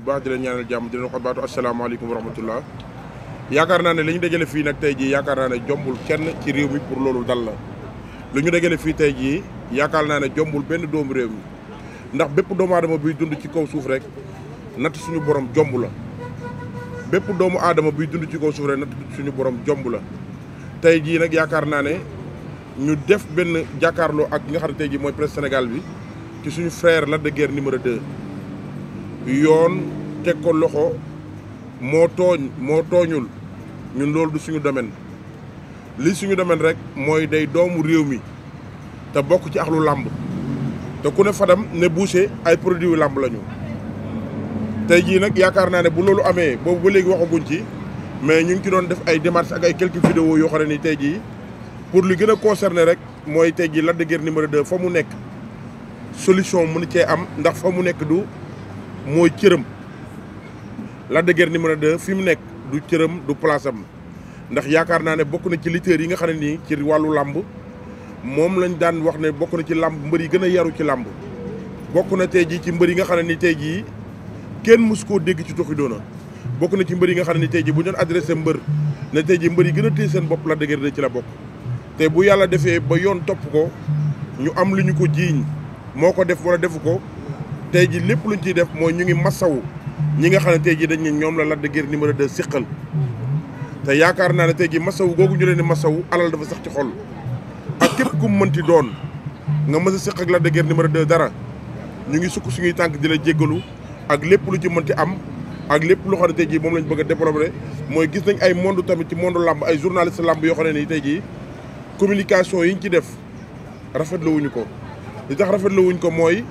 bu baax di leen jàmm di leen wax baatu asalaamaaleykum wa yaakaar naa ne li ñu dajale fii nag tey jii yaakaar jombul kenn ci réew mi pour loolu dal la lu ñu dajale fii tey jii yaakaar naa ne jombul benn doomu réew ndax bépp doomu aadama buy dund ci kaw suuf rek natt suñu borom jomb la bépp doomu aadama buy dund ci kaw suuf rek natt suñu borom jomb la tey jii nag yaakaar naa ne ñu def benn jàkkaarloo ak nga xam ne tey jii mooy presse Sénégal bi ci suñu frère la de Guiers numéro 2. yoon teg ko loxo moo tooñ moo tooñul ñun loolu du suñu domaine li suñu domaine rek mooy day doomu réew mi te bokk ci axlu làmb te ku ne Fadam ne Boucher ay produits làmb lañu tey jii nag yaakaar naa ne bu loolu amee boobu ba léegi waxaguñ ci mais ñu ngi ci doon def ay démarches ak ay quelques vidéos yoo xam ne ni tey jii pour li gën a concerné rek mooy tey jii Lac de Guiers numéro 2 fa mu nekk solution mën cee am ndax fa mu nekk du. mooy cëram Lac de Guiers numéro 2 fi mu nekk du cërëm du place am ndax yaakaar naa ne bokk na ci lutteurs yi nga xam ne nii ci wàllu làmb moom lañ daan wax ne bokk na ci làmb mbër yi gën a yaru ci làmb bokk na tey jii ci mbër yi nga xam ne ni tey jii kenn mus koo dégg ci toxi doona bokk na ci mbër yi nga xam ne ni tey jii bu ñu doon adressé mbër ne tey jii mbër yi gën a téye seen bopp Lac de da ci la bokk te bu yàlla defee ba yoon topp ko ñu am lu ñu ko jiiñ moo ko def wala defu ko tey ji lépp lu luñ ciy def mooy ñu ngi masawu ñi nga xam ne tey ji dañ ne ñoom la Lac de Guiers numéro 2 siqal te yaakaar naa ne tey ji masawu googu ñu leen di masawu alal dafa sax ci xol ak képp ku mënti doon nga mës a siq ak Lac de Guiers numéro 2 dara ñu ngi sukk suñuy tànk di la jéggalu ak lépp lu ci mënti am ak lépp loo xam ne tey jii moom lañ bëgg a développé mooy gis nañ ay mond tamit ci mond làmb ay journaliste làmb yoo xam ne nii tey jii communication yi ci def rafetlu ko li tax rafetlu ko mooy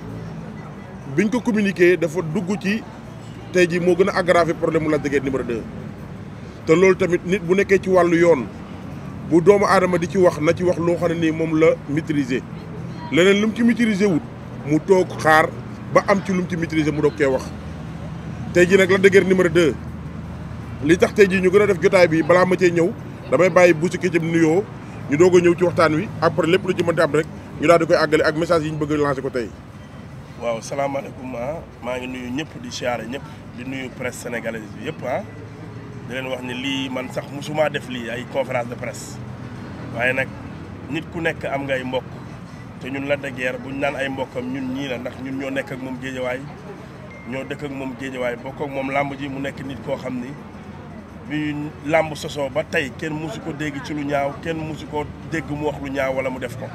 biñ ko communiqué dafa dugg ci tey jii moo gën a aggravé problème mu Lac de Guiers numéro te loolu tamit nit bu nekkee ci wàllu yoon bu doomu aadama di ci wax na ci wax loo xam ne nii moom la maîtriser leneen lu mu ci maîtriser wut mu toog xaar ba am ci lu mu ci maîtriser mu doo koy wax. tey jii nag la de Guiers numéro li tax tey jii ñu gën a def jotaay bi balaa ma cee ñëw damay bàyyi bu si ci nuyoo ñu doog ñëw ci waxtaan wi après lépp lu ci mënti am rek ñu daal di koy àggale ak message yi ñu bëgg lancer ko tey. waaw salaamaaleykum ah maa ngi nuyu ñëpp di siyaare ñëpp di nuyu presse sénégalaise yëpp ah di wax ni lii man sax musuma def lii ay conférence de presse waaye nag nit ku nekk am ngay mbokk te ñun Lac de bu ñu naan ay mbokkam ñun ñii la ndax ñun ñoo nekk ak moom géejawaay ñoo dëkk ak moom géejawaay bokk ak moom làmb ji mu nekk nit koo xam ni bi làmb sosoo ba tey kenn musu ko dégg ci lu ñaaw kenn musu ko dégg mu wax lu ñaaw wala mu def ko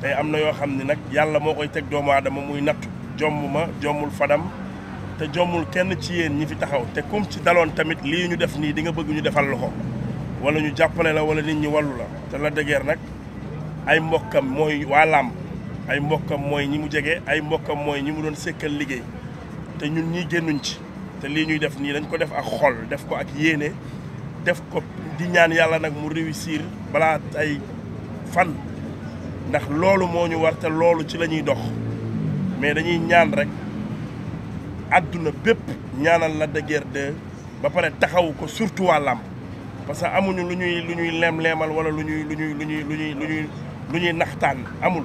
tey am na yoo xam ne nag yàlla moo koy teg doomu aadama muy nattu jomm ma jommul fadam te jommul kenn ci yéen ñi fi taxaw te kum ci daloon tamit lii ñu def nii di nga bëgg ñu defal loxo wala ñu jàppale la wala nit ñi wallu la te la dëgër nag ay mbokkam mooy waa làmb ay mbokkam mooy ñi mu jege ay mbokkam mooy ñi mu doon sekkal liggéey te ñun ñii génnuñ ci te lii ñuy def nii dañ ko def ak xol def ko ak yéene def ko di ñaan yàlla nag mu réussir balaa ay fan ndax loolu moo ñu war loolu ci la ñuy dox mais dañuy ñaan rek àdduna bépp ñaanal Lac de ba pare taxawu ko surtout waa làmb parce que amuñu lu ñuy lu ñuy leem-leemal wala lu ñuy lu ñuy lu ñuy lu ñuy lu ñuy lu ñuy naxtaan amul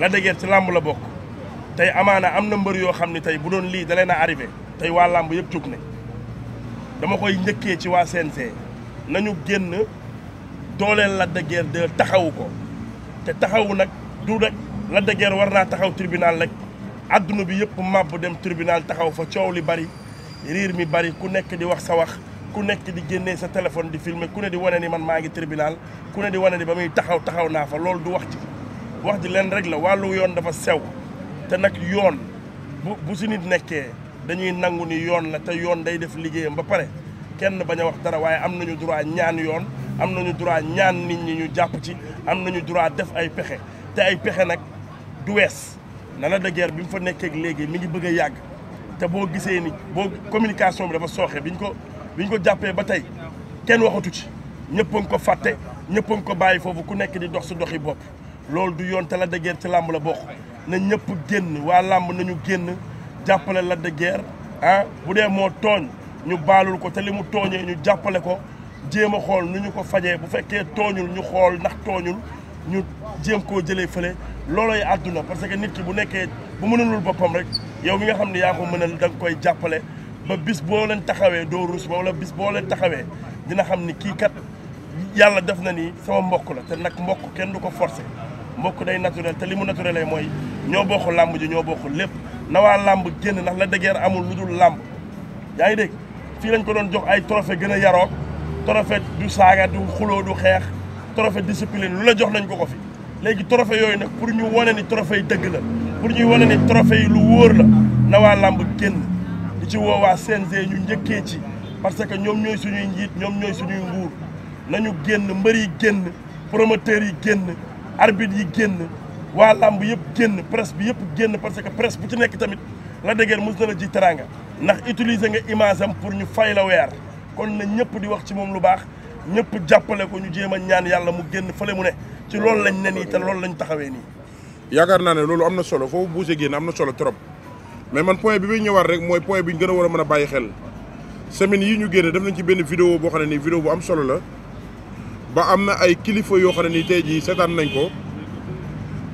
Lac de ci làmb la bokk tey amaana am na mbër yoo xam ne tey bu doon lii da leen a arrivé tey waa làmb yëpp jóg ne dama koy njëkkee ci waa CNG nañu génn dooleel Lac de taxawu ko te taxaw taxawu nag du rek la dëgër war naa taxaw tribunal rek adduna bi yëpp màbb dem tribunal taxaw fa coow li bari riir mi bari ku nekk di wax sa wax ku nekk di génnee sa téléphone di filmer ku ne di wane ni man maa ngi tribunal ku ne di wane ni ba muy taxaw taxaw naa fa loolu du wax ci wax ji leen rek la wàllu yoon dafa sew te nag yoon bu bu si nit nekkee dañuy nangu ni yoon la te yoon day def liggéeyam ba pare kenn bañ a wax dara waaye am nañu droit ñaan yoon am nañu droit ñaan nit ñi ñu jàpp ci am nañu droit def ay pexe te ay pexe nag du wees na la de guerre bi mu fa nekkee léegi mi ngi bëgg a yàgg te boo gisee ni boo communication bi dafa sooxe biñ ko biñ ko jàppee ba tey kenn waxutu ci ñëpp ko fàtte ñëpp ko bàyyi foofu ku nekk di dox sa doxi bopp loolu du yoon te la de guerre ci làmb la bokk na ñëpp génn waa làmb nañu génn jàppale la de ah bu dee moo tooñ ñu baalul ko te li mu tooñee ñu jàppale ko jéem a xool nu ñu ko fajee bu fekkee tooñul ñu xool ndax tooñul ñu jéem koo jëlee fële loolooy àdduna parce que nit ki bu nekkee bu mënulul boppam rek yow mi nga xam ne yaa ko mënal da nga koy jàppale ba bis boo leen taxawee doo rus ba wala bis boo leen taxawee dina xam ni kii kat yàlla def na ni sama mbokk la te nag mbokk kenn du ko forcé mbokk day naturel te li mu naturel mooy ñoo bokk làmb ji ñoo bokk lépp na waa làmb génn ndax la dëgër amul lu dul làmb yaa ngi dégg fii lañ ko doon jox ay trophée gën a yaroog trophée du saaga du xuloo du xeex trophée discipline lu la jox nañ ko ko fi léegi trophée yooyu nag pour ñu wone ni trophée yi dëgg la pour ñu wane ni trophée yi lu wóor la na waa làmb génn di ci woo waa CNG ñu njëkkee ci parce que ñoom ñooy suñuy njiit ñoom ñooy suñuy nguur ñu génn mbër yi génn promoteurs yi génn arbitre yi génn waa làmb yëpp génn presse bi yëpp génn parce que presse bu ci nekk tamit la dëgër mos na la ji teraanga ndax utiliser nga image pour ñu fay la weer kon na ñëpp di wax ci moom lu baax ñëpp jàppale ko ñu jéem a ñaan yàlla mu génn fële mu ne ci loolu lañ ne nii te loolu lañ taxawee nii. yaakaar naa ne loolu am na solo foofu buuse génn am na solo trop mais man point bi may ñëwaat rek mooy point bi ñu gën war a mën a bàyyi xel semaine yi ñu génne def nañ ci benn vidéo boo xam ne nii vidéo bu am solo la ba am na ay kilifa yoo xam ne nii tey jii seetaan nañ ko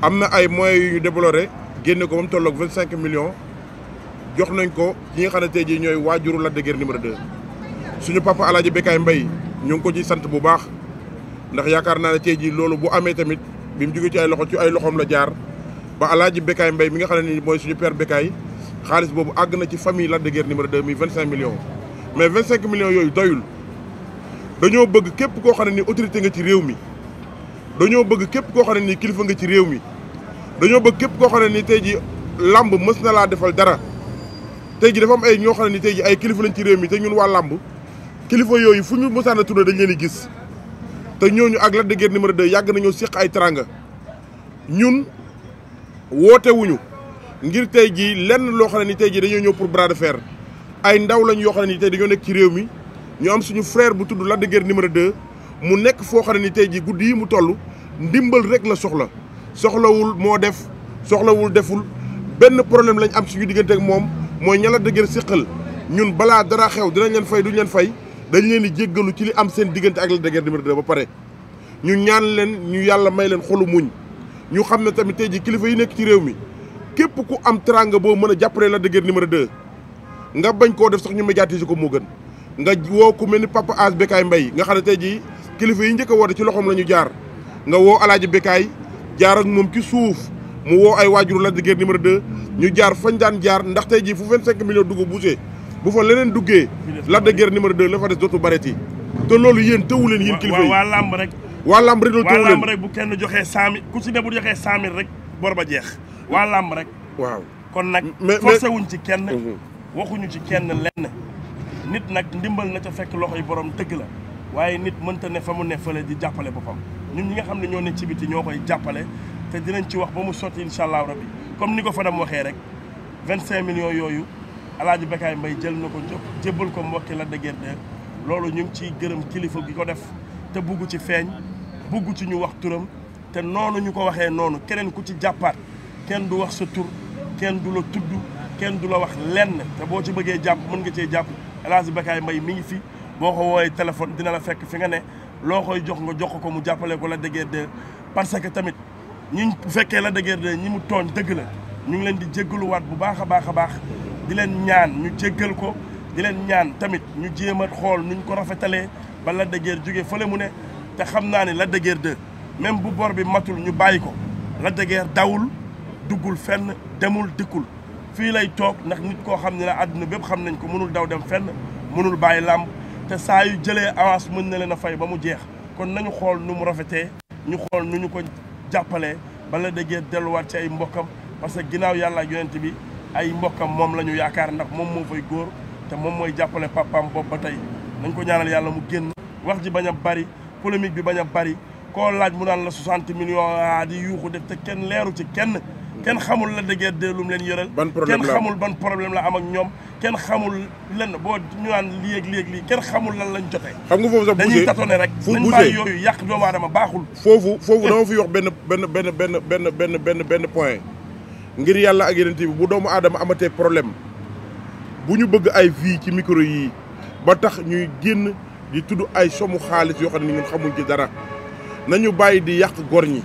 am na ay moye yu ñu développé génne ko ba mu tolloog cinq millions jox nañ ko ñi nga xam ne tey jii ñooy waajuru Lac de Guiers numéro 2. suñu papa alaaji Bécaye Mbaye ñu ngi ko ci sant bu baax ndax yaakaar naa ne tey jii loolu boo amee tamit bi mu jógee ci ay loxo ci ay loxoom la jaar ba alaaji Bécaye Mbaye mi nga xam ne ni mooy suñu père Bécaye xaalis boobu àgg na ci famille Lac de Guiers numéro 2 mi 25 millions. mais 25 millions yooyu doyul dañoo bëgg képp koo xam ne ni autorité nga ci réew mi dañoo bëgg képp koo xam ne ni kilifa nga ci réew mi dañoo bëgg képp koo xam ne ni tey jii làmb mës na laa defal dara tey jii dafa am ay ñoo xam ne ni tey jii ay kilifa lañ ci réew mi te ñun waa làmb kilifa yooyu fu ñu mosaan a tourné dañ leen di gis te ñooñu ak Lac de Guiers numéro yàgg nañoo séq ay teranga ñun wootewuñu ngir tey jii lenn loo xam ne ni tey jii dañoo ñëw pour bras de fer ay ndaw lañ yoo xam ne ni tey dañoo nekk ci réew mi ñu am suñu frère bu tudd Lac de Guiers numéro mu nekk foo xam ne ni tey jii guddi yi mu toll ndimbal rek la soxla soxlawul moo def soxlawul deful benn problème lañ am suñu diggante ak moom mooy ña Lac de Guiers séqal ñun balaa dara dinañ leen fay duñ fay dañu leen di jéggalu ci li am seen diggante ak Lac de Guiers numéro ba pare ñu ñaan leen ñu yàlla may leen xolu muñ ñu xam ne tamit tey ji kilifa yi nekk ci réew mi képp ku am teranga boo mën a jàppale Lac de Guiers numéro nga bañ koo def sax ñu médiatiser ko moo gën nga woo ku mel ni papa bekkaay mbay Mbaye nga xam ne tey jii kilifa yi njëkk a woote ci loxoom la ñu jaar nga woo alaaji Bekaay jaar ak moom ci suuf mu woo ay waajur Lac de Guiers numéro 2 ñu jaar fañ daan jaar ndax tey jii fu 25 millions dugg buusee bu fa leneen duggee. la de Guiers numéro 2 la fa des dootu bareeti te loolu yéen tëwu leen yéen kilifa yi waa làmb rek. waa làmb rek loolu tëwu leen waa bu kenn joxee 100000 ku ci ne bu joxee 100000 rek bor ba jeex. waa làmb rek. waaw kon nag. mais forcé wuñ ci kenn. Mhm. waxuñu ci kenn lenn. nit nag ndimbal na ca fekk loxo yi borom dëgg la waaye nit mënta ne fa mu ne fële di jàppale boppam ñun ñi nga xam ne ñoo ne ci biti ñoo koy jàppale te dinañ ci wax ba mu sotti incha allah rabbi ni ko Fadam waxee rek 25 millions yooyu. alaaji Bekaay mbay jël na ko jóg jébbal ko mbokki Lac de Guiers 2 loolu ñu ngi ciy gërëm kilifa gi ko def te bugg ci feeñ bugg ci ñu wax turam te noonu ñu ko waxee noonu keneen ku ci jàppaat kenn du wax sa tur kenn du la tudd kenn du la wax lenn te boo ci bëggee jàpp mën nga cee jàpp alaaji Bekaay mbay mi ngi fi boo ko woowee téléphone dina la fekk fi nga ne loo koy jox nga jox ko mu jàppale ko Lac de Guiers 2 parce que tamit ñi bu fekkee Lac de Guiers ñi mu tooñ dëgg la ñu ngi leen di jéggaluwaat bu baax a baax a baax di leen ñaan ñu jéggal ko di leen ñaan tamit ñu jéem a xool nuñ ko rafetalee ba Lac de Guiers jóge fële mu ne te xam naa ne Lac de Guiers 2 même bu bor bi matul ñu bàyyi ko Lac de Guiers dawul duggul fenn demul dikkul fii lay toog ndax nit koo xam ne àdduna bépp xam nañ ko mënul daw dem fenn mënul bàyyi làmb te saa yu jëlee avance mën na leen a fay ba mu jeex kon nañu xool nu mu rafetee ñu xool nu ñu ko jàppalee ba Lac de delluwaat ci ay mbokkam parce que ginnaaw yàlla ak yonent bi ay mbokkam moom la ñu yaakaar ndax moom moo fay góor te moom mooy jàppale papaam boobu ba tey nañ ko ñaanal yàlla mu génn wax ji bañ a bari polémique bi bañ a bari koo laaj mu naan la 60 millions a ah, di yuuxu def te kenn leeru ci kenn kenn xamul la dëggee de lum leen yëral kenn xamul ban problème la am ak ñoom kenn xamul lenn boo ñu naan léeg léeg lii kenn xamul lan lañ jotee xam nga foofu sax dañuy tatone rek nañ bàyyi yooyu yàq doomu aadama baaxul foofu foofu dama fi wax benn benn benn benn benn benn benn benn point ngir yàlla ak yeneen bi bu doomu aadama amatee problème bu ñu bëgg ay vie ci micro yii ba tax ñuy génn di tudd ay somu xaalis yoo xam ne ñun xamuñ ci dara nañu bàyyi di yàq gor ñi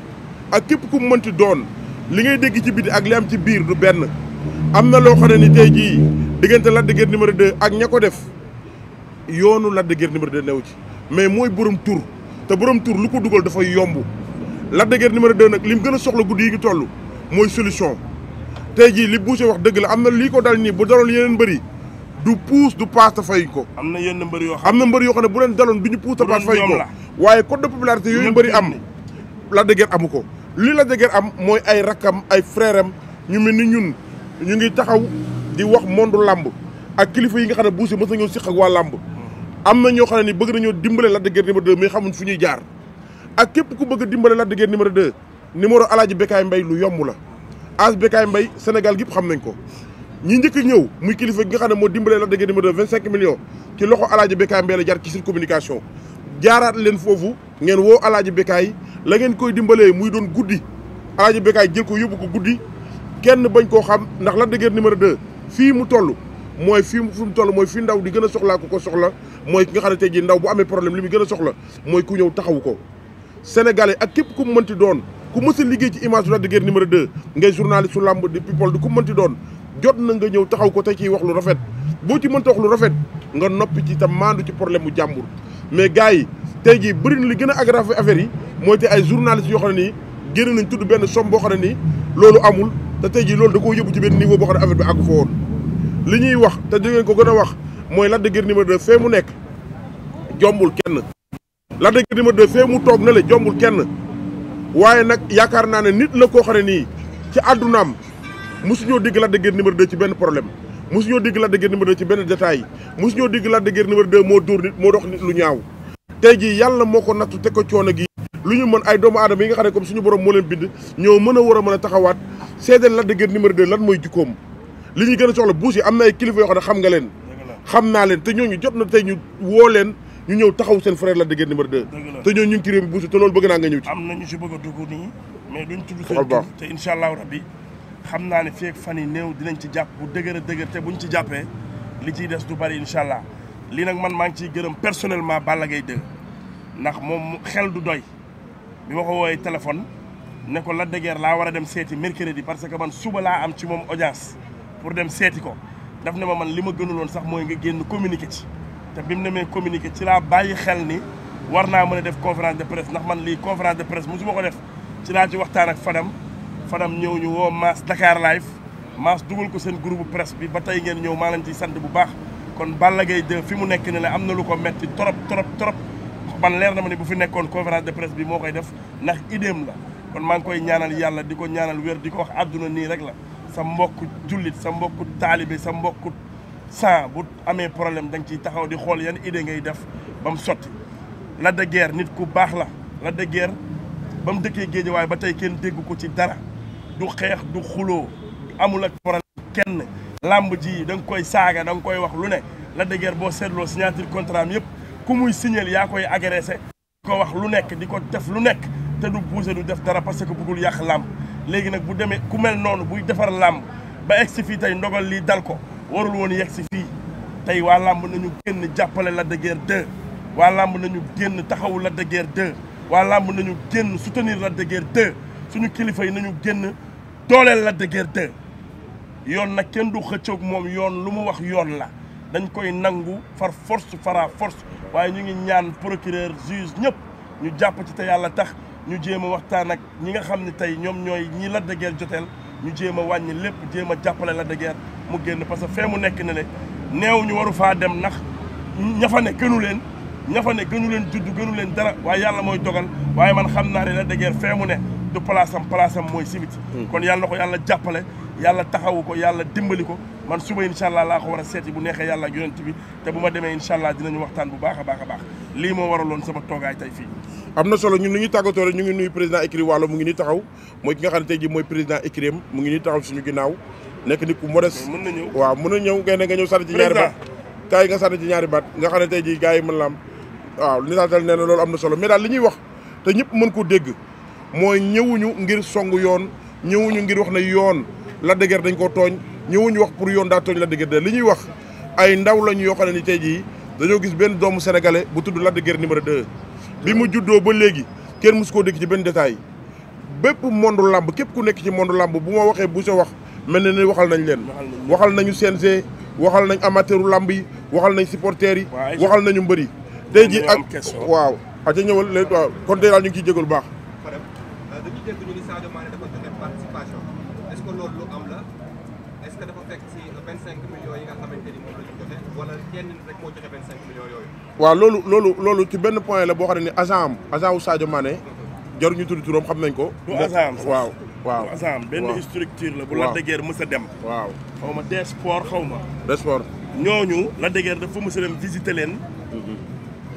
ak képp ku mënti doon li ngay dégg ci biti ak li am ci biir du benn am na loo xam ne ni tey jii diggante Lac de Guiers numéro 2 ak ña ko def yoonu Lac de Guiers numéro 2 new ci mais mooy borom tur te borom tur lu ko dugal dafay yomb Lac de Guiers numéro 2 nag li mu gën a soxla guddi yi ñu toll mooy solution tey jii li Boucher wax dëgg la am na lii ko dal nii bu daloon yeneen bëri du puus du paas te fay ko. am na yenn mbër yoo xam ne am na mbër yoo xam ne bu leen daloon du ñu puus te paas fay ko waaye code de popularité yooyu mbëri am la dëgër amu ko lii la dëgër am mooy ay rakkam ay frère ñu mel ni ñun ñu ngi taxaw di wax monde làmb ak kilifa yi nga xam ne Boucher mës na ñëw siq ak waa làmb am na ñoo xam ne ni bëgg nañoo dimbale Lac de Guiers numéro 2 mais xamuñ fu ñuy jaar ak képp ku bëgg dimbale Lac de numéro 2 numéro alaaji Bécaye Mbaye lu yomb la As Bécaye mbay Sénégal gépp xam nañ ko ñi njëkk ñëw muy kilifa gi nga xam ne moo dimbalee Lac de Guiers numéro 2 25 millions ci loxo Alaaji Bécaye Mbaye la jaar ci seen communication jaaraat leen foofu ngeen woo Alaaji Bécaye la ngeen koy dimbalee muy doon guddi Alaaji Bécaye jël ko yóbbu ko guddi kenn bañ koo xam ndax Lac de Guiers numéro 2 fii mu toll mooy fii fi mu toll mooy fi ndaw di gën a soxlaa ko ko soxla mooy ki nga xam ne tey jii ndaw bu li mu gën a soxla mooy ku ñëw taxawu ko sénégalais ak ku mu mënti doon ku mës liggéey ci image Lac de Guiers numéro 2 ngay journaliste su làmb di people di ku mënti doon jot na nga ñëw taxaw ko te ciy wax lu rafet boo ci mënta wax lu rafet nga noppi ci tam maandu ci problème mu jàmbur mais gars yi tey jii bëri na li gën a aggravé affaire yi mooy te ay journalistes yoo xam ne nii génn nañ tudd benn som boo xam ne nii loolu amul te tey jii loolu da koo yóbbu ci benn niveau boo xam ne bi àggu fa woon li ñuy wax te di ngeen ko gën a wax mooy Lac de Guiers numéro 2 fee mu nekk jombul kenn Lac de Guiers numéro 2 fee mu toog na la jombul kenn waaye nag yaakaar naa ne nit la koo xam ne nii ci àddunaam mosuñoo dégg Lac de Guiers numéro 2 ci benn problème mosuñoo dégg Lac de Guiers numéro 2 ci benn détail mosuñoo dégg Lac de Guiers numéro moo dóor nit moo dox nit lu ñaaw tey jii yàlla moo ko nattu te ko coono gi lu ñu mën ay doomu aadama yi nga xam ne comme suñu borom moo leen bind ñoo mën a war a mën a taxawaat seedeel Lac de Guiers lan mooy jukkoom li ñuy gën a soxla buus yi am na ay kilifa yoo xam ne xam nga leen xam naa leen te ñooñu jot na tey ñu woo leen ñu ñëw taxaw seen frère la de guerre numéro 2. te ñooñu ñu ngi ci réew te loolu bëgg naa nga ñëw ci. am na ñu si bëgg a dugg nii mais duñ tudd seen tur te incha allahu rabbi xam naa ne fii fan yi néew dinañ ci jàpp bu dëgër a dëgër te ci jàppee li ciy des du bari incha allah lii nag man maa ngi ciy gërëm personnellement Balla Gaye 2 ndax moom xel du doy bi ma ko woowee téléphone ne ko Lac de laa war a dem seeti mercredi parce que man suba laa am ci moom audience pour dem seeti ko def ne ma man li ma gënuloon sax mooy nga génn communiqué te bi mu demee communiqué ci laa bàyyi xel ni war naa mën a def conférence de presse ndax man lii conférence de presse musuma ko def ci laa ci waxtaan ak Fadam Fadam ñëw ñu woo Mass Dakar Live Mass dugal ko seen groupe presse bi ba tey ngeen ñëw maa leen ciy sant bu baax kon Balla Gaye 2 fi mu nekk ne la am na lu ko metti trop trop trop man leer na ma ne bu fi nekkoon conférence de presse bi moo koy def ndax idéem la kon maa ngi koy ñaanal yàlla di ko ñaanal wér di ko wax àdduna nii rek la sa mbokk jullit sa mbokk taalibe sa mbokk sans bu amee problème da nga ciy taxaw di xool yan idée ngay def ba mu sotti Lac de nit ku baax la Lac de ba mu dëkkee Géejawaay ba tey kenn dégg ko ci dara du xeex du xuloo amul ak problème kenn làmb ji da koy saaga da nga koy wax lu ne Lac de boo seetloo signature contrat am yëpp ku muy signal yaa koy agressé di ko wax lu nekk di ko def lu nekk te du bousé du def dara parce que bëggul yàq làmb léegi nag bu demee ku mel noonu buy defar làmb ba egsi fii tey ndogal lii dal ko warul woon yegg si fii tey waa làmb nañu génn jàppale Lac de waa làmb nañu génn taxawu Lac de waa làmb nañu génn soutenir Lac de suñu kilifa yi nañu génn dooleel Lac de Guiers yoon nag kenn du xëccoog moom yoon lu mu wax yoon la dañ koy nangu far force fara force waaye ñu ngi ñaan procureur juge ñëpp ñu jàpp ci te yàlla tax ñu jéem a waxtaan ak ñi nga xam ne tey ñoom ñooy ñi Lac de Guiers joteel ñu jéem a wàññi lépp jéem a jàppale la de guerre mu génn parce que fee mu nekk ne le neew ñu waru faa dem nax ña fa ne gënu leen ña ne gënu leen judd gënu leen dara waaye yàlla mooy dogal waaye man xam naa ne la de fee mu ne du place am place am mooy simit hmm. kon yàlla na ko yàlla jàppale yàlla taxawu ko yàlla dimbali ko man suba incha allah laa ko war a seeti bu neexee yàlla ak yonent bi te bu ma demee incha allah dinañu waxtaan bu baax a baax a baax lii moo waraloon sama toogaay tey fii. am na solo ñun nu ñu tàggatoo ñu ngi nuyu président écurie Walo mu ngi ni taxaw mooy ki nga xam ne tey jii mooy président écurie am mu ngi ginnaaw nekk nit ku modeste. mën na ñëw waaw mën na ñëw nga ne nga ñëw sànni ci ñaari baat kaay nga sànni ci xam ne tey jii gars yi mën la am waaw li daal nee na loolu am na solo mais daal li ñuy wax te ñëpp mën ko dégg mooy ñëwuñu ngir song yoon ñëwuñu ngir wax na yoon la dëgër dañ ko tooñ ñëwuñu wax pour yoon daa tooñ Lac de li ñuy wax ay ndaw lañu yoo xam ni tey jii dañoo gis benn doomu sénégalais bu tudd Lac de Guiers de 2. bi mu juddoo ba léegi kenn mosu koo dégg ci benn détail bépp monde làmb képp ku nekk ci monde làmb bu ma waxee bu sa wax mel na ni waxal nañ leen. waxal nañu CNG waxal nañ amateuru làmb yi waxal nañ supporters yi. waxal nañu mbëri. tey jii ak waaw. waaw ca ñëwal léegi waaw kon tey daal ñu kiy ciy jégalu baax. Euh, 25 waaw loolu loolu loolu ci benn point la boo xam ne ni agent am agent wu Sadio Mané. jaruñu tudd xam nañ ko. du agent waaw. waaw du agent am benn structure la. bu la dëgër mës dem. waaw xaw ma des sport xaw ma. des sport. ñooñu la dëgër dafa mës a dem visiter leen. Mm-hmm.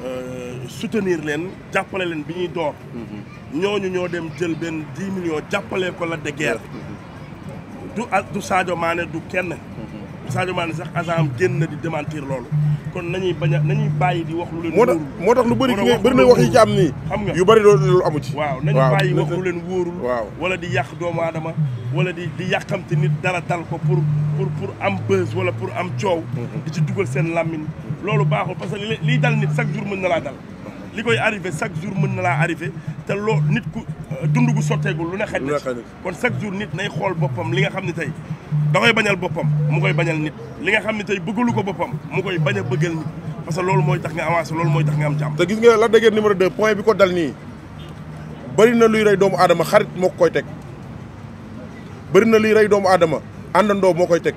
Euh, soutenir leen jàppale leen bi ñuy door. Mm-hmm. ñooñu ñoo dem jël benn 10 millions jàppale ko la dëgër. Mm-hmm. du du Sadio Mané du kenn. Sadio Mané sax agent am génn na di démentir loolu kon nañuy bañ a nañuy bàyyi di wax lu leen wóorul moo tax lu bëri fi nga bëri na wax yi ci am nii xam nga yu bëri loolu amu ci waaw nañu bàyyi wax lu leen wóorul waaw wala di yàq doomu aadama wala di di yàqamte nit dara dal ko pour pour pour am buzz wala pour am coow mhm. di ci dugal seen làmmiñ loolu baaxul parce que liy dal nit chaque jour mën na laa dal li koy arrivé chaque jour mën na laa arrivé te loo nit ku dund gu sotteegul lu ne xaj na kon chaque jour nit nay xool boppam li nga xam ne tey da koy bañal boppam mu koy bañal nit li nga xam ne tey bëggalu ko boppam mu koy bañ a bëggal nit parce que loolu mooy tax nga avancé loolu mooy tax nga am jàmm. te gis nga la dëgër numéro 2 point bi ko dal nii bëri na luy rey doomu aadama xarit moo koy teg bëri na luy rey doomu aadama àndandoo moo koy teg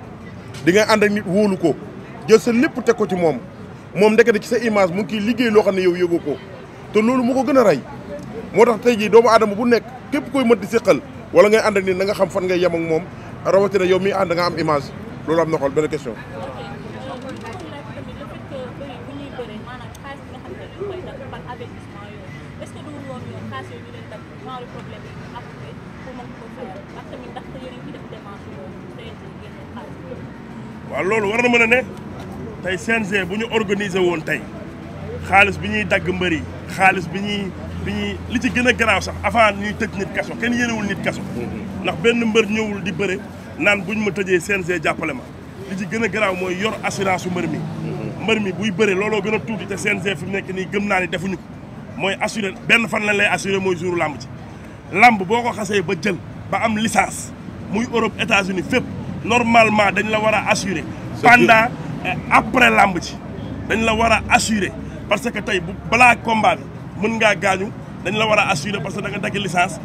di ngay ànd ak nit wóolu ko jël sa lépp teg ko ci moom moom ndekete ci sa image mu kii liggéey loo xam ne yow yëgoo ko te loolu moo ko gën a rey moo tax tey jii doomu aadama bu nekk képp koy mën di séqal wala ngay ànd ak nit na nga xam fan ngay yem ak moom. rawatina yow mi ànd nga am image loolu am na xool benn question. waaw loolu war na mën a ne tey CNG bu ñu organiser woon tey xaalis bi ñuy dagg mbër yi xaalis bi ñuy bi ñuy li ci gën a garaaw sax avant ñuy tëj nit kaso kenn yéenewul nit kaso. Mm-hmm. ndax benn mbër ñëwul di bëre. naan bu buñ ma tëjee CNG jàppale ma li ci gën a garaaw mooy yor assurance su mbër mi mbër mi buy bëre looloo gën a tuuti te CNG fi mu nekk nii gëm naa ni defuñu ko mooy assuré benn fan lañ lay assuré mooy jouru làmb ci làmb boo ko xasee ba jël ba am licence muy Europe États-Unis fépp normalement dañ la war a assuré pendant eh, après làmb ci dañ la war a assuré parce que tey bu balaa combat mën ngaa gaañu dañ la war a assuré parce que da nga dagg licence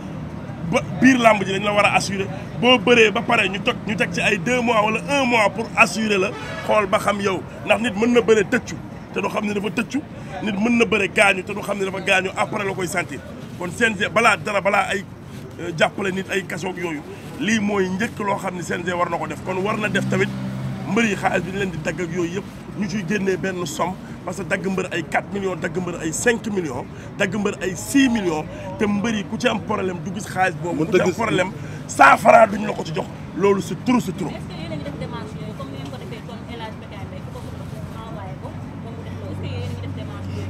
ba biir làmb ji dañ la war a assurer boo bëree ba pare ñu tog ñu teg ci ay deux mois wala un mois pour assurer la xool ba xam yow ndax nit mën na bëre tëccu te du xam ne dafa tëccu nit mën na bëre gaañu te du xam ne dafa gaañu après la koy sentir kon CNG balaa dara balaa ay euh, jàppale nit ay kasoog yooyu lii mooy njëkk loo xam ne CNG war na ko def kon war na def tamit mbër yi xaalis bi leen di dagg ak yooyu yëpp ñu ciy génnee benn somme parce que dagg mbër ay 4 millions dagg mbër ay 5 millions dagg mbër ay 6 millions te mbër yi ku ci am problème du gis xaalis boobu. ku ci am problème 100 la ko ci jox. loolu si trop si trop.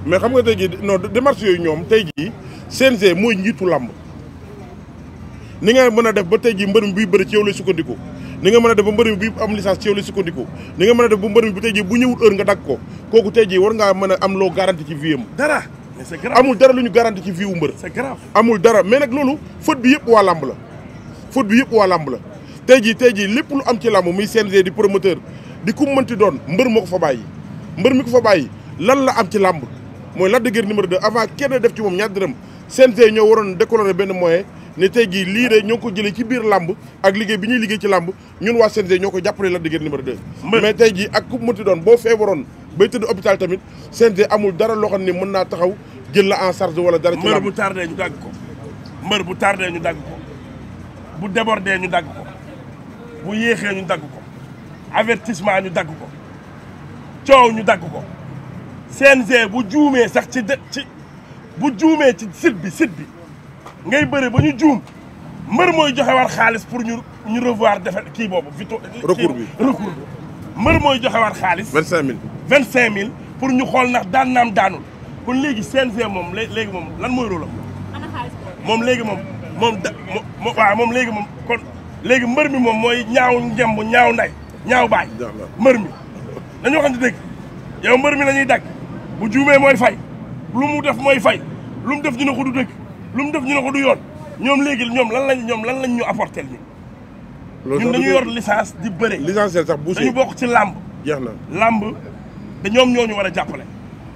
mais xam nga tey jii non démarche yooyu ñoom tey jii CNG mooy njiitu làmb ni nga mën a def ba tey jii mbër mi buy bëri ci yow lay sukkandiku. ni nga mën a def ba mbër mi bi am licence ci yow la sukkandiku ni nga mën a def ba mbër mi bu tey jii bu ñëwul heure nga dagg ko kooku tey jii war ngaa mën a am loo garanti ci vie am dara amul dara lu ñu garanti ci vie wu mbër amul dara mais nag loolu faute bi yëpp waa làmb la faute bi yëpp waa làmb la tey jii tey jii lépp lu am ci làmb muy CNG di promoteur di ku mënti doon mbër moo ko fa bàyyi mbër mi ko fa bàyyi lan la am ci làmb mooy Lac de Guiers numéro avant kenn def ci moom ñaar dërëm CNG ñoo waroon décolorer benn moyen ne tey jii liire de ñoo ko jëlee ci biir làmb ak liggéey bi ñuy liggéey ci làmb ñun waa CNG ñoo ko jàppale la de Guiers numéro 2 mais tey jii ak ku mënti doon boo feebaroon bay tëdd hôpital tamit CNG amul dara loo xam mën naa taxaw jël la en charge wala dara ci làmb mbër bu tardé ñu dagg ko bu tardé ñu dagg ko bu débordé ñu dagg ko bu yéexee ñu dagg ko avertissement ñu dagg ko coow ñu dagg ko CNG bu juumee sax ci ci bu juumee ci site bi site bi ngay bëri ba ñu juum mër mooy joxe war xaalis pour ñu ñu revoir defe kii boobu. recours bi recours bi. mbër mooy joxe war vingt 25000 25000 pour ñu xool nax daan naam daanul kon léegi CNG moom léegi moom lan mooy rôle moom léegi moom moom da moom léegi moom kon léegi mbër mi moom mooy ñaaw njemb ñaaw nday ñaaw baay. mbër mi dañu waxante dëgg yow mbër mi la ñuy dagg bu juumee mooy fay lu mu def mooy fay lu mu def dina ko du dëgg. lu mu def ñu ne ko du yoon ñoom léegil ñoom lan lañ ñoom lan lañ ñu apporter ñu ñun dañu yor licence di bëre licence sax bu dañu bokk ci làmb jeex na làmb de ñoom ñoo ñu war a jàppale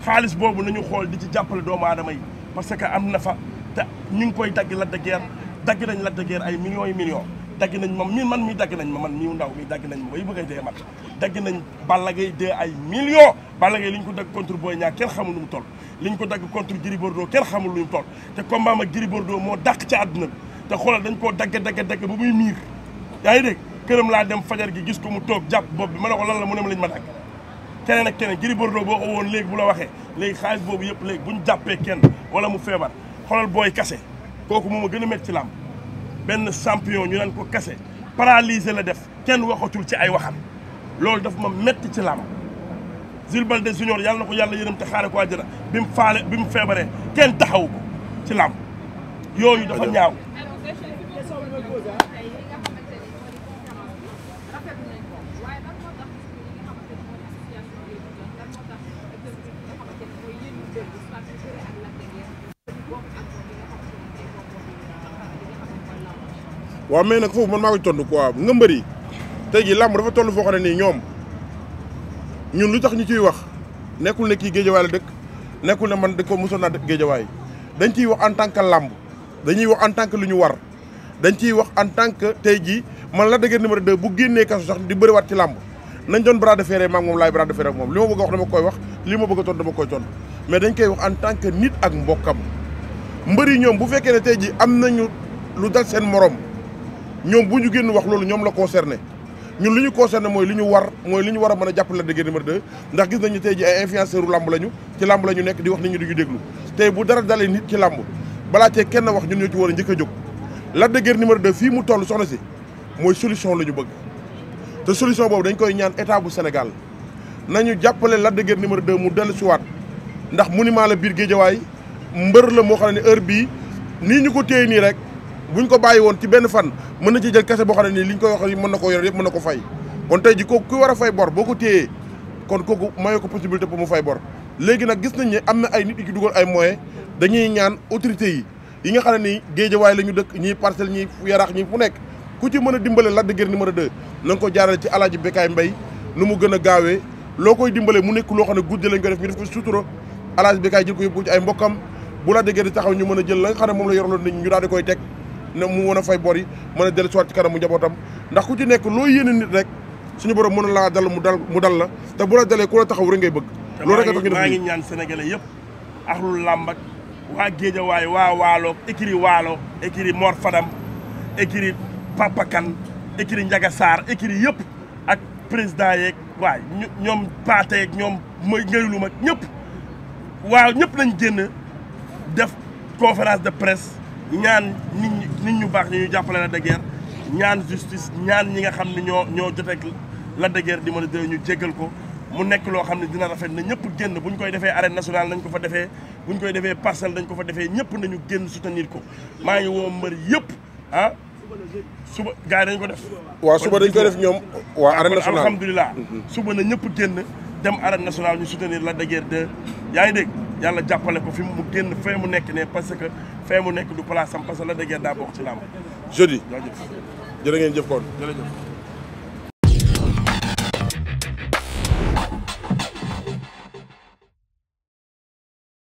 xaalis boobu na ñu xool di ci jàppale doomu aadama yi parce que am na fa te ñu ngi koy dagg Lac de Guiers dagg nañ Lac de ay millions yi million dagg nañ ma mi man mi dagg nañ ma man mi ndaw mi dagg nañ ma bay bëgg a dee mat dagg nañ Balla Gaye de ay million Balla Gaye li ñu ko dagg contre Boy ñaa kenn xamul lu mu toll li ñu ko dagg contre Gris Bordeaux kenn xamul lu mu toll te combat ma Gris moo dàq ci àdduna bi te xoolal dañ koo dagg dagg dagg ba muy miir yaa ngi dégg këram laa dem fajar gi gis ko mu toog jàpp bopp bi ma ne ko lan la mu ne ma lañ ma dagg keneen a keneen Gris Bordeaux boo ko woon léegi bu la waxee léegi xaalis boobu yëpp léegi buñ jàppee kenn wala mu feebar xoolal booy kase kooku moom gën a métti ci làmb benn champion ñu naan ko kase paralysé la def kenn waxatul ci ay waxam loolu daf ma metti ci làmb Jules Baldé Junior yàlla na ko yàlla yërëm te xaare ko àjjana bi mu faale bi mu feebaree kenn taxawu ko ci làmb yooyu dafa ñaaw waaw mais nag foofu man maa ko tontu quoi nga mbëri te jii làmb dafa toll foo xam ne nii ñoom ñun lu tax ñu ciy wax nekkul ne kii géejawaay la dëkk nekkul ne man da ko mosoon naa dëkk géejawaay dañ ciy wax en tant que làmb dañuy wax en tant lu ñu war dañ ciy wax en tant que tey jii man la dëgër numéro 2 bu génnee kaso sax di bëriwaat ci làmb nañ doon bras de fer maag moom laay bras de fer moom li ma bëgg a wax dama koy wax li ma bëgg a tontu dama koy tontu koy wax en tant que nit ak mbokkam mbër yi ñoom bu fekkee ne tey jii am nañu lu dal seen morom ñoom bu ñu génn wax loolu ñoom la concerné ñun li ñu concerné mooy li ñu war mooy li ñu war a mën a jàppale Lac de Guiers numéro 2 ndax gis nañu tey ji ay influenceur u làmb lañu ci làmb lañu nekk di wax nit ñi duñu déglu tey bu dara dalee nit ci làmb balaa cee kenn wax ñun ñoo ci war a njëkk a jóg Lac de Guiers numéro 2 fii mu toll soxna si mooy solution la ñu bëgg te solution boobu dañ koy ñaan état bu senegal nañu jàppale Lac de Guiers numéro 2 mu dellu siwaat ndax monument la biir Géejawaay mbër la moo xam ne heure bii nii ñu ko téye nii rek bu buñ ko bàyyi woon ci benn fan mën na ci jël kese boo xam ne nii liñ koy wax mën na ko yor yëpp mën na ko fay kon tey ji kooku ku war a fay bor boo ko téyee kon kooku mayoo ko possibilité pour mu fay bor léegi nag gis nañ ne am na ay nit yu ci ay moyens dañuy ñaan autorités yi yi nga xam ne nii géejawaay la ñu dëkk ñii parcelle ñii yaraax ñii fu nekk ku ci mën a dimbale Lac de Guiers numéro 2 na nga ko jaarale ci alaaji Bécaye Mbaye nu mu gën a gaawee loo koy dimbale mu nekk loo xam ne guddi lañ ko def ñu def ko sutura alaaji a jël la nga moom la yorloon nañ ñu daal di koy teg na mu mën a fay bor yi mën a dellu siwaat ci kanamu njabootam ndax ku ci nekk loo yéene nit rek suñu borom mën a laa dal mu dal mu dal la te bu la dalee koo la taxaw rek ngay bëgg loolu rek a ñaan sénégalais yëpp axlul làmb ak waa géejawaay waa waalo écurie waalo écurie Mor Fadam écurie Papa Kane écurie Ndiaga Sarr écurie yëpp ak président yeeg waay ñoom paateeg ñoom mooy ngaylu mag ñëpp waaw ñëpp lañ génn def conférence de presse ñaan nit ñu baax ñu ñu jàppale Lac de Guiers ñaan justice ñaan ñi nga xam ne ñoo ñoo joteeg Lac de Guiers numéro 2 ñu jéggal ko mu nekk loo xam ne dina rafet na ñëpp génn bu ñu koy defee arène national nañ ko fa defee bu ñu koy defee parcelle dañ ko fa defee ñëpp nañu génn soutenir ko maa ngi woo mbër yëpp ah suba gars yi ko def waaw suba dañ koy def ñoom waaw arène nationale alhamdulilah suba na ñëpp génn dem arène nationale ñu soutenir Lac de Guiers 2 yaa ngi dégg yàlla jàppale ko fi mu génn fee mu nekk ne parce que fee mu nekk du place am parce que la dëggee daa bokk ci làmb jeudi jërë ngeen jëf kon jërëjëf